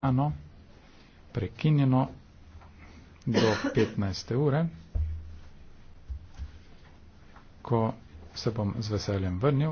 Ano, prekinjeno do 15. ure, ko se bom z veseljem vrnil.